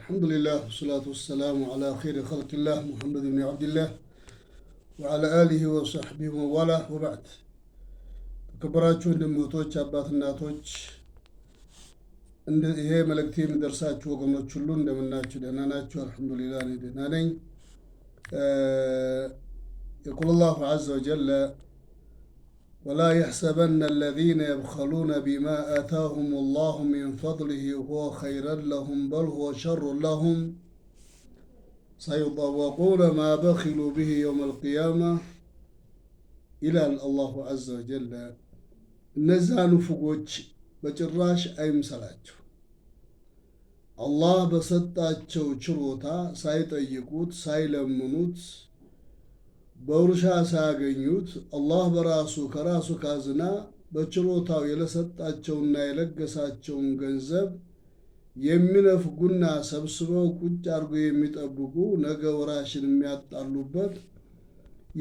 الحمد لله والصلاة والسلام على خير خلق الله محمد بن عبد الله وعلى آله وصحبه وواله وبعد ከበራችሁ እንደምቶች አባት እናቶች፣ ይሄ መልእክት የሚደርሳችሁ ወገኖች ሁሉ እንደምናችሁ ደህና ናችሁ? አልሐምዱሊላ እኔ ደህና ነኝ። የቁል ላሁ አዘ ወጀለ ولا يحسبن الذين يبخلون بما آتاهم الله من فضله هو خيرا لهم بل هو شر لهم سيطوقون ما بخلوا به يوم القيامة إلى الله عز وجل نزان እነዚያ ንፉጎች በጭራሽ አይምሰላችሁ። አላህ በሰጣቸው ችሎታ سايلم منوت በውርሻ ሳያገኙት አላህ በራሱ ከራሱ ካዝና በችሎታው የለሰጣቸውና የለገሳቸውን ገንዘብ የሚነፍጉና ሰብስበው ቁጭ አድርጎ የሚጠብቁ ነገ ወራሽን የሚያጣሉበት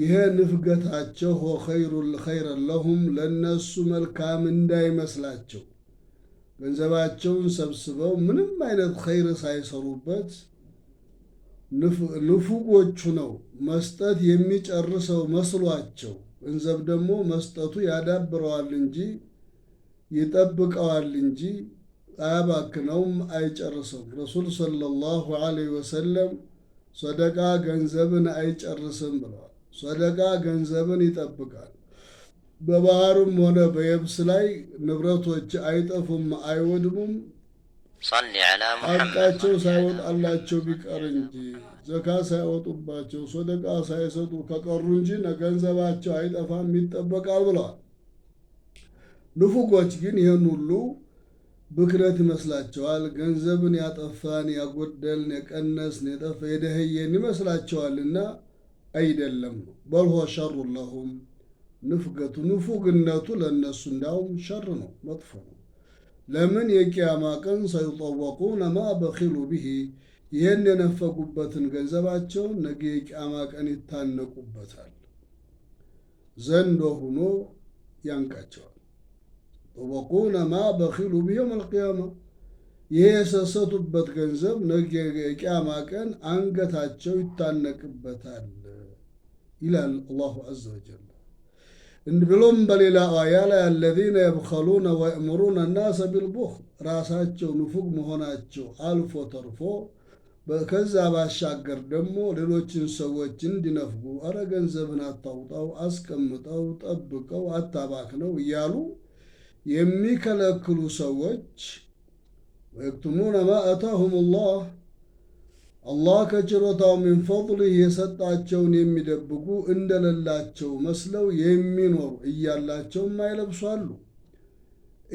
ይሄ ንፍገታቸው ሆ ኸይሩል ኸይረን ለሁም ለእነሱ መልካም እንዳይመስላቸው ገንዘባቸውን ሰብስበው ምንም አይነት ኸይር ሳይሰሩበት ንፉጎቹ ነው መስጠት የሚጨርሰው መስሏቸው፣ ገንዘብ ደግሞ መስጠቱ ያዳብረዋል እንጂ ይጠብቀዋል እንጂ አያባክነውም፣ አይጨርሰውም። ረሱል ሰለላሁ ዐለይሂ ወሰለም ሰደቃ ገንዘብን አይጨርስም ብለዋል። ሰደቃ ገንዘብን ይጠብቃል። በባህርም ሆነ በየብስ ላይ ንብረቶች አይጠፉም፣ አይወድሙም። ሐቃቸው ሳይወጣላቸው ቢቀር እንጂ ዘካ ሳይወጡባቸው ሶደቃ ሳይሰጡ ከቀሩ እንጂ ገንዘባቸው አይጠፋም ይጠበቃል ብለዋል። ንፉጎች ግን ይህን ሁሉ ብክነት ይመስላቸዋል። ገንዘብን ያጠፋን፣ ያጎደልን፣ የቀነስን፣ የጠፋ የደህየን ይመስላቸዋልና አይደለም። በልሆ ሸሩ ለሁም ንፍገቱ ንፉግነቱ ለእነሱ እንዳውም ሸር ነው፣ መጥፎ ነው። ለምን የቂያማ ቀን ሰይጠወቁነ ማ በኪሉ ብሂ ይህን የነፈጉበትን ገንዘባቸው ነገ የቂያማ ቀን ይታነቁበታል። ዘንዶ ሁኖ ያንቃቸዋል። ጠወቁነ ማ በኪሉ ብሂ የውመል ቂያማ ይህ የሰሰቱበት ገንዘብ ነገ የቅያማ ቀን አንገታቸው ይታነቅበታል ይላል አላሁ አዘ ወጀል። ብሎም በሌላ አያ ላይ አለዚነ የብኸሉነ ወየእምሩነ ናሰ ቢልቡኽል ራሳቸው ንፉግ መሆናቸው አልፎ ተርፎ ከዛ ባሻገር ደግሞ ሌሎችን ሰዎች እንዲነፍጉ አረ ገንዘብን አታውጣው፣ አስቀምጠው፣ ጠብቀው፣ አታባክነው እያሉ የሚከለክሉ ሰዎች ወየክቱሙነ ማ አታሁም ላህ አላህ ከችሮታው ሚን ፈድሊህ የሰጣቸውን የሚደብቁ እንደሌላቸው መስለው የሚኖሩ እያላቸው የማይለብሱ አሉ።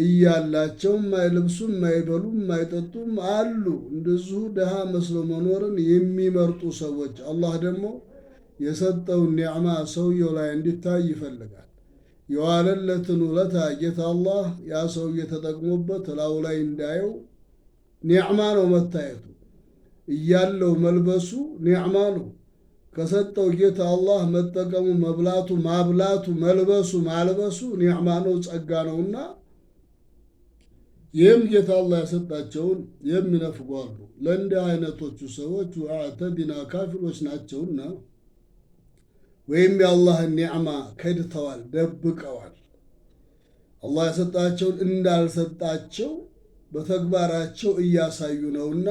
እያላቸው የማይለብሱ የማይበሉ፣ የማይጠጡም አሉ። እንደዚሁ ድሃ መስለው መኖርን የሚመርጡ ሰዎች አላህ ደግሞ የሰጠውን ኒዕማ ሰውየው ላይ እንዲታይ ይፈልጋል። የዋለለትን ውለታ ጌታ አላህ ያ ሰውዬ ተጠቅሞበት እላዩ ላይ እንዳየው ኒዕማ ነው መታየቱ እያለው መልበሱ ኒዕማ ነው። ከሰጠው ጌታ አላህ መጠቀሙ፣ መብላቱ፣ ማብላቱ፣ መልበሱ፣ ማልበሱ ኒዕማ ነው፣ ጸጋ ነውና ይህም ጌታ አላህ የሰጣቸውን የሚነፍጉ አሉ። ለእንዲህ አይነቶቹ ሰዎች አዕተዲና ካፊሮች ናቸውና ወይም የአላህን ኒዕማ ከድተዋል፣ ደብቀዋል። አላህ የሰጣቸውን እንዳልሰጣቸው በተግባራቸው እያሳዩ ነውና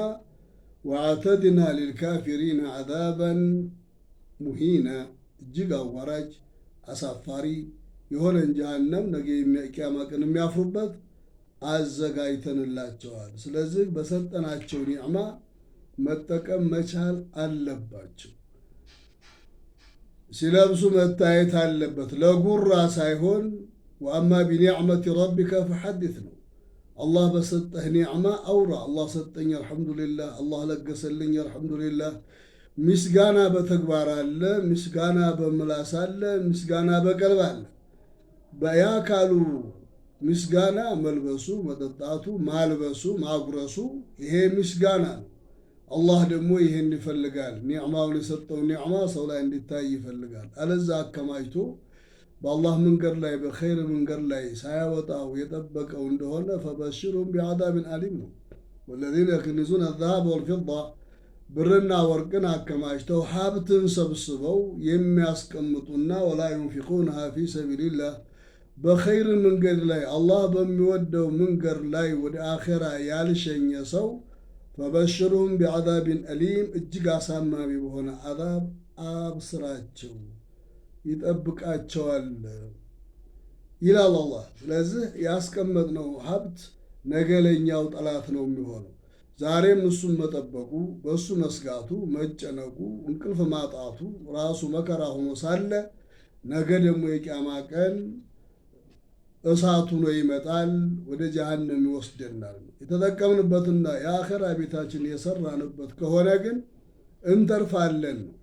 ወአተድና ሊልካፊሪን አዛበን ሙሂነ እጅግ አዋራጅ አሳፋሪ የሆነን ጀሃነም ነገ ቂያማ ቀን የሚያፍሩበት አዘጋጅተንላቸዋል። ስለዚህ በሰጠናቸው ኒዕማ መጠቀም መቻል አለባቸው። ሲለብሱ መታየት አለበት፣ ለጉራ ሳይሆን። ወአማ ቢኒዕመቲ ረቢከ ፈሐዲት ነው። አላህ በሰጠህ ኒዕማ አውራ። አላህ ሰጠኝ፣ አልሐምዱሊላህ። አላህ ለገሰልኝ፣ አልሐምዱሊላህ። ምስጋና በተግባር አለ፣ ምስጋና በምላስ አለ፣ ምስጋና በቀልብ አለ። በአካሉ ምስጋና መልበሱ፣ መጠጣቱ፣ ማልበሱ፣ ማጉረሱ ይሄ ምስጋና ነው። አላህ ደግሞ ይሄን ይፈልጋል። ኒዕማውን የሰጠው ኒዕማ ሰው ላይ እንዲታይ ይፈልጋል። አለዛ አከማችቶ በአላህ መንገድ ላይ በኸይር መንገድ ላይ ሳያወጣው የጠበቀው እንደሆነ ፈበሽሩም ቢዓዛብን አሊም ነው። ወለዚነ የክኒዙነ ዘሀበ ወልፊዳ ብርና ወርቅን አከማችተው ሀብትን ሰብስበው የሚያስቀምጡና ወላ ዩንፊቁንሃ ፊ ሰቢልላህ በኸይር መንገድ ላይ አላህ በሚወደው መንገድ ላይ ወደ አኼራ ያልሸኘ ሰው ፈበሽሩም ቢዓዛብን አሊም እጅግ አሳማሚ በሆነ አዛብ አብስራቸው። ይጠብቃቸዋል ይላል አላህ። ስለዚህ ያስቀመጥነው ሀብት ነገ ለእኛው ጠላት ነው የሚሆነው። ዛሬም እሱን መጠበቁ፣ በእሱ መስጋቱ፣ መጨነቁ፣ እንቅልፍ ማጣቱ ራሱ መከራ ሆኖ ሳለ ነገ ደግሞ የቂያማ ቀን እሳቱ ነው ይመጣል፣ ወደ ጀሃነም ይወስደናል። የተጠቀምንበትና የአኸራ ቤታችን የሰራንበት ከሆነ ግን እንተርፋለን ነው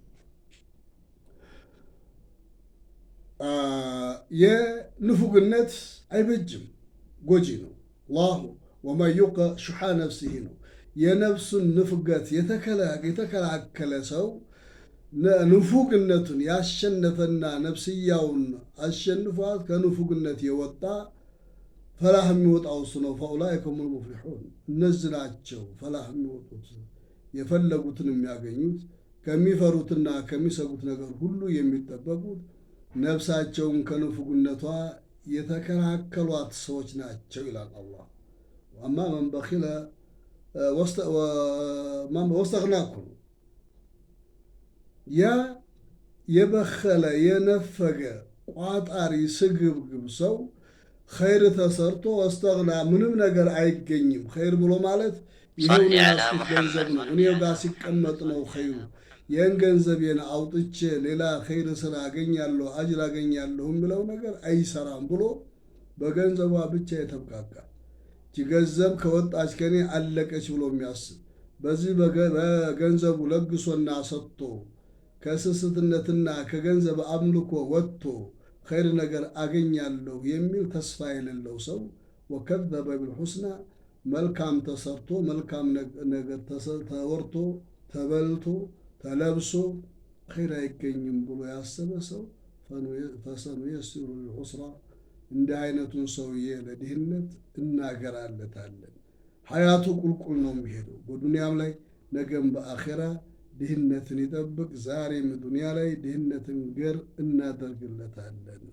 የንፉግነት አይበጅም፣ ጎጂ ነው። ላሁ ወመን ዩቀ ሹሓ ነፍሲሂ ነው። የነፍሱን ንፍገት የተከላከለ ሰው ንፉግነቱን ያሸነፈና ነፍስያውን አሸንፏት ከንፉግነት የወጣ ፈላህ የሚወጣው እሱ ነው። ፈኡላኢከ ሁሙል ሙፍሊሑን እነዚህ ናቸው ፈላህ የሚወጡት የፈለጉትን የሚያገኙት ከሚፈሩትና ከሚሰጉት ነገር ሁሉ የሚጠበቁት ነፍሳቸውን ከንፉግነቷ የተከላከሏት ሰዎች ናቸው ይላል አላህ። አማ መን በኪለ ወስተግና ያ የበኸለ የነፈገ ቋጣሪ ስግብግብ ሰው ኸይር ተሰርቶ ወስተግና ምንም ነገር አይገኝም። ኸይር ብሎ ማለት ይሄው ገንዘብ ነው፣ እኔ ጋር ሲቀመጥ ነው ኸይሩ ይህን ገንዘቤን አውጥቼ ሌላ ኸይር ስራ አገኛለሁ አጅር አገኛለሁ የምለው ነገር አይሰራም ብሎ በገንዘቧ ብቻ የተብቃቃ ገንዘብ ከወጣች ከኔ አለቀች ብሎ የሚያስብ በዚህ በገንዘቡ ለግሶና ሰጥቶ ከስስትነትና ከገንዘብ አምልኮ ወጥቶ ኸይር ነገር አገኛለሁ የሚል ተስፋ የሌለው ሰው ወከዘበ ቢልሑስና መልካም ተሰርቶ መልካም ነገር ተወርቶ ተበልቶ ተለብሶ ኸይር አይገኝም ብሎ ያሰበ ሰው ፈሰኑየሲሩ ልዑስራ እንዲህ አይነቱን ሰውዬ ለድህነት እናገራለታለን። ሀያቱ ቁልቁል ነው የሚሄደው በዱንያም ላይ ነገም በአኼራ ድህነትን ይጠብቅ። ዛሬም ዱንያ ላይ ድህነትን ገር እናደርግለታለን።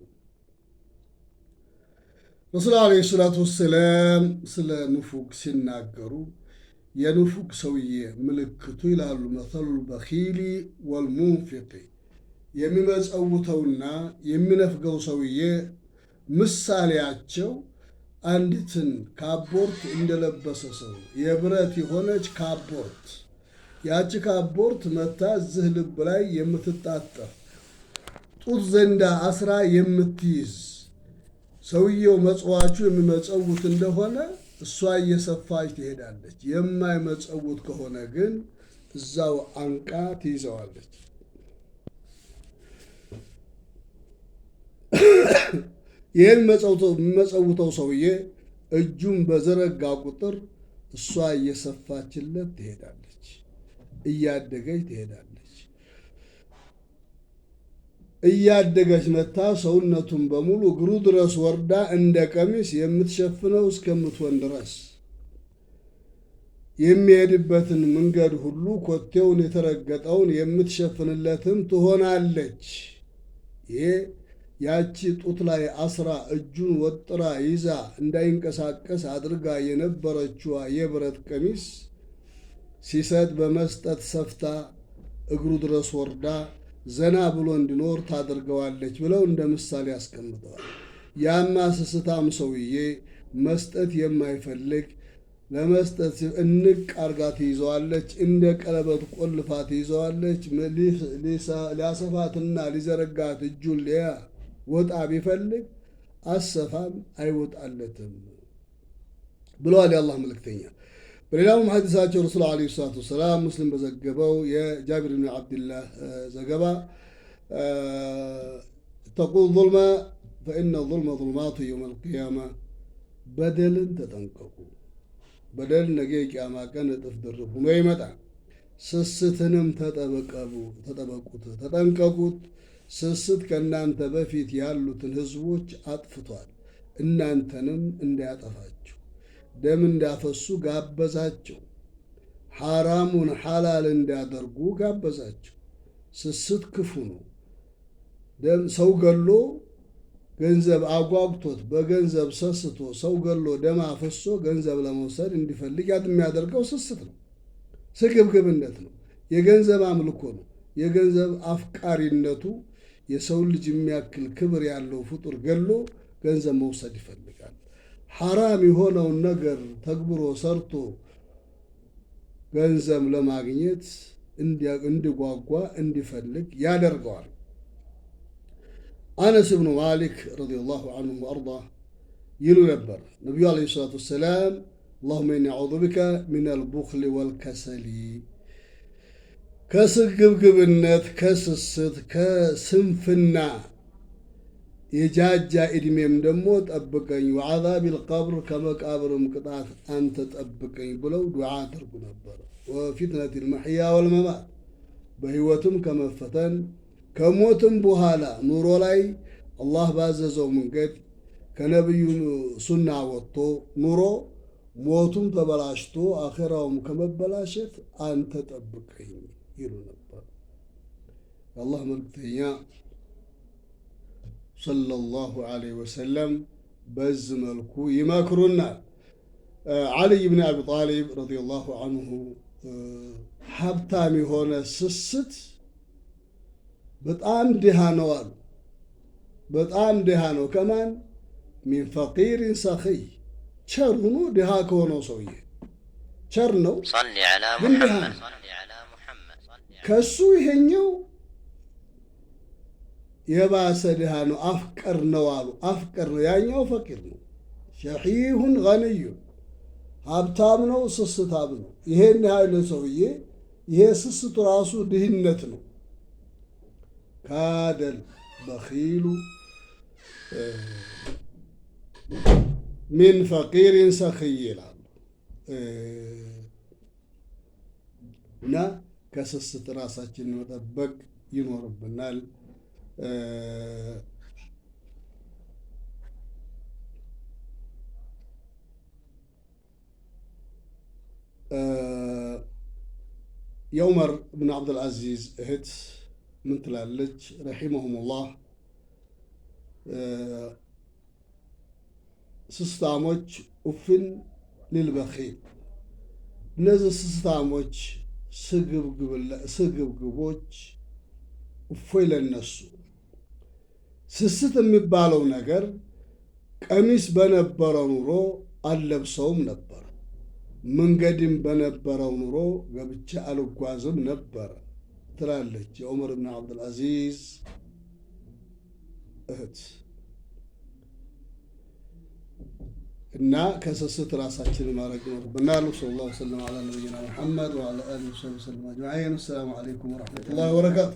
ረሱል ዓለይሂ ሰላቱ ወሰላም ስለ ንፉግ ሲናገሩ የንፉግ ሰውዬ ምልክቱ ይላሉ መሰሉል በኪሊ ወልሙንፊቅ የሚመጸውተውና የሚነፍገው ሰውዬ ምሳሌያቸው አንዲትን ካቦርት እንደለበሰ ሰው የብረት የሆነች ካቦርት ያቺ ካቦርት መታ እዚህ ልብ ላይ የምትጣጠፍ ጡት ዘንዳ አስራ የምትይዝ ሰውየው መጽዋቹ የሚመጸውት እንደሆነ እሷ እየሰፋች ትሄዳለች። የማይመጸውት ከሆነ ግን እዛው አንቃ ትይዘዋለች። ይህን መጸውተው ሰውዬ እጁን በዘረጋ ቁጥር እሷ እየሰፋችለት ትሄዳለች፣ እያደገች ትሄዳለች። እያደገች መታ ሰውነቱን በሙሉ እግሩ ድረስ ወርዳ እንደ ቀሚስ የምትሸፍነው እስከምትሆን ድረስ የሚሄድበትን መንገድ ሁሉ ኮቴውን የተረገጠውን የምትሸፍንለትም ትሆናለች። ይሄ ያቺ ጡት ላይ አስራ እጁን ወጥራ ይዛ እንዳይንቀሳቀስ አድርጋ የነበረችዋ የብረት ቀሚስ ሲሰጥ በመስጠት ሰፍታ እግሩ ድረስ ወርዳ ዘና ብሎ እንዲኖር ታደርገዋለች ብለው እንደ ምሳሌ አስቀምጠዋል። ያማ ስስታም ሰውዬ መስጠት የማይፈልግ ለመስጠት እንቅ አርጋ ትይዘዋለች፣ እንደ ቀለበት ቆልፋ ትይዘዋለች። ሊያሰፋትና ሊዘረጋት እጁን ሊያ ወጣ ቢፈልግ አሰፋም አይወጣለትም ብለዋል የአላህ መልክተኛ። በሌላውም ሐዲሳቸው ረሱል ዓለይሂ ሰላቱ ወሰላም ሙስሊም በዘገበው የጃቢር ብን ዓብድላህ ዘገባ ተቁል ظልመ ፈኢነ ظልመ ظልማቱ የውም አልቅያማ በደልን ተጠንቀቁ፣ በደል ነገ የቅያማ ቀን እጥፍ ድርብ ሆኖ ይመጣል። ስስትንም ተጠበቁት፣ ተጠንቀቁት። ስስት ከእናንተ በፊት ያሉትን ህዝቦች አጥፍቷል፣ እናንተንም እንዳያጠፋችሁ ደም እንዳፈሱ ጋበዛቸው። ሐራሙን ሐላል እንዲያደርጉ ጋበዛቸው። ስስት ክፉ ነው። ሰው ገሎ ገንዘብ አጓጉቶት በገንዘብ ሰስቶ ሰው ገሎ ደም አፈሶ ገንዘብ ለመውሰድ እንዲፈልግ የሚያደርገው ስስት ነው፣ ስግብግብነት ነው፣ የገንዘብ አምልኮ ነው። የገንዘብ አፍቃሪነቱ የሰው ልጅ የሚያክል ክብር ያለው ፍጡር ገሎ ገንዘብ መውሰድ ይፈልጋል። ሐራም የሆነውን ነገር ተግብሮ ሰርቶ ገንዘብ ለማግኘት እንዲጓጓ እንዲፈልግ ያደርገዋል። አነስ ብኑ ማሊክ ረዲየላሁ አንሁ ወአርዳ ይሉ ነበር ነቢዩ ዓለይሂ ሰላቱ ወሰላም አላሁመ ኢኒ አዑዙ ቢከ ሚነል ቡኽሊ ወልከሰሊ ከስግብግብነት፣ ከስስት፣ ከስንፍና የጃጃ ዕድሜም ደግሞ ጠብቀኝ፣ ወዓዛቢል ልቀብር ከመቃብርም ቅጣት አንተ ጠብቀኝ ብለው ዱዓ አድርጉ ነበረ። ወፊትነት ልመሕያ ወልመማት በህይወትም ከመፈተን ከሞትም በኋላ ኑሮ ላይ አላህ ባዘዘው መንገድ ከነቢዩ ሱና ወጥቶ ኑሮ ሞቱም ተበላሽቶ አኼራውም ከመበላሸት አንተ ጠብቀኝ ይሉ ነበር የአላህ መልክተኛ ሰለላሁ ዐለይሂ ወሰለም በዚህ መልኩ ይመክሩናል። ዓሊይ ብን አቢ ጣሊብ ረዲየላሁ ዐንሁ ሀብታም የሆነ ስስት በጣም ድሃ ነው አሉ። በጣም ድሃ ነው ከማን ሚን ፈቂሪን ሰኺይ ቸር ሁኖ ድሃ ከሆነው ሰውዬ ቸር ነው ግን ድሃ ከእሱ ይሄኛው የባሰ ድሃ ነው። አፍቀር ነው አሉ። አፍቀር ነው ያኛው ፈቂር ነው። ሸሒሁን ገንዩ ሀብታም ነው፣ ስስታም ነው። ይሄን ያህል ሰውዬ ይሄ ስስቱ ራሱ ድህነት ነው። ካደል በኪሉ ሚን ፈቂሪን ሰክይ ይላሉ እና ከስስት ራሳችን መጠበቅ ይኖርብናል። آه، آه، يومر بن عبد العزيز هت من تلالج رحمهم الله آه نزل سستاموج سقب قبل سقب قبوج وفيل النسو ስስት የሚባለው ነገር ቀሚስ በነበረው ኑሮ አልለብሰውም ነበር። መንገድም በነበረው ኑሮ ገብቼ አልጓዝም ነበር ትላለች የዑመር ብን ዐብዱልዐዚዝ እህት። እና ከስስት ራሳችንን ማድረግ ይኖርብናል። ሰለላሁ ዐለይሂ ወሰለም ዐላ ነቢይና ሙሐመድ ወዐላ አሊሂ ወሰለም አጅማን አሰላሙ ዐለይኩም ወረሕመቱላሂ ወበረካቱ።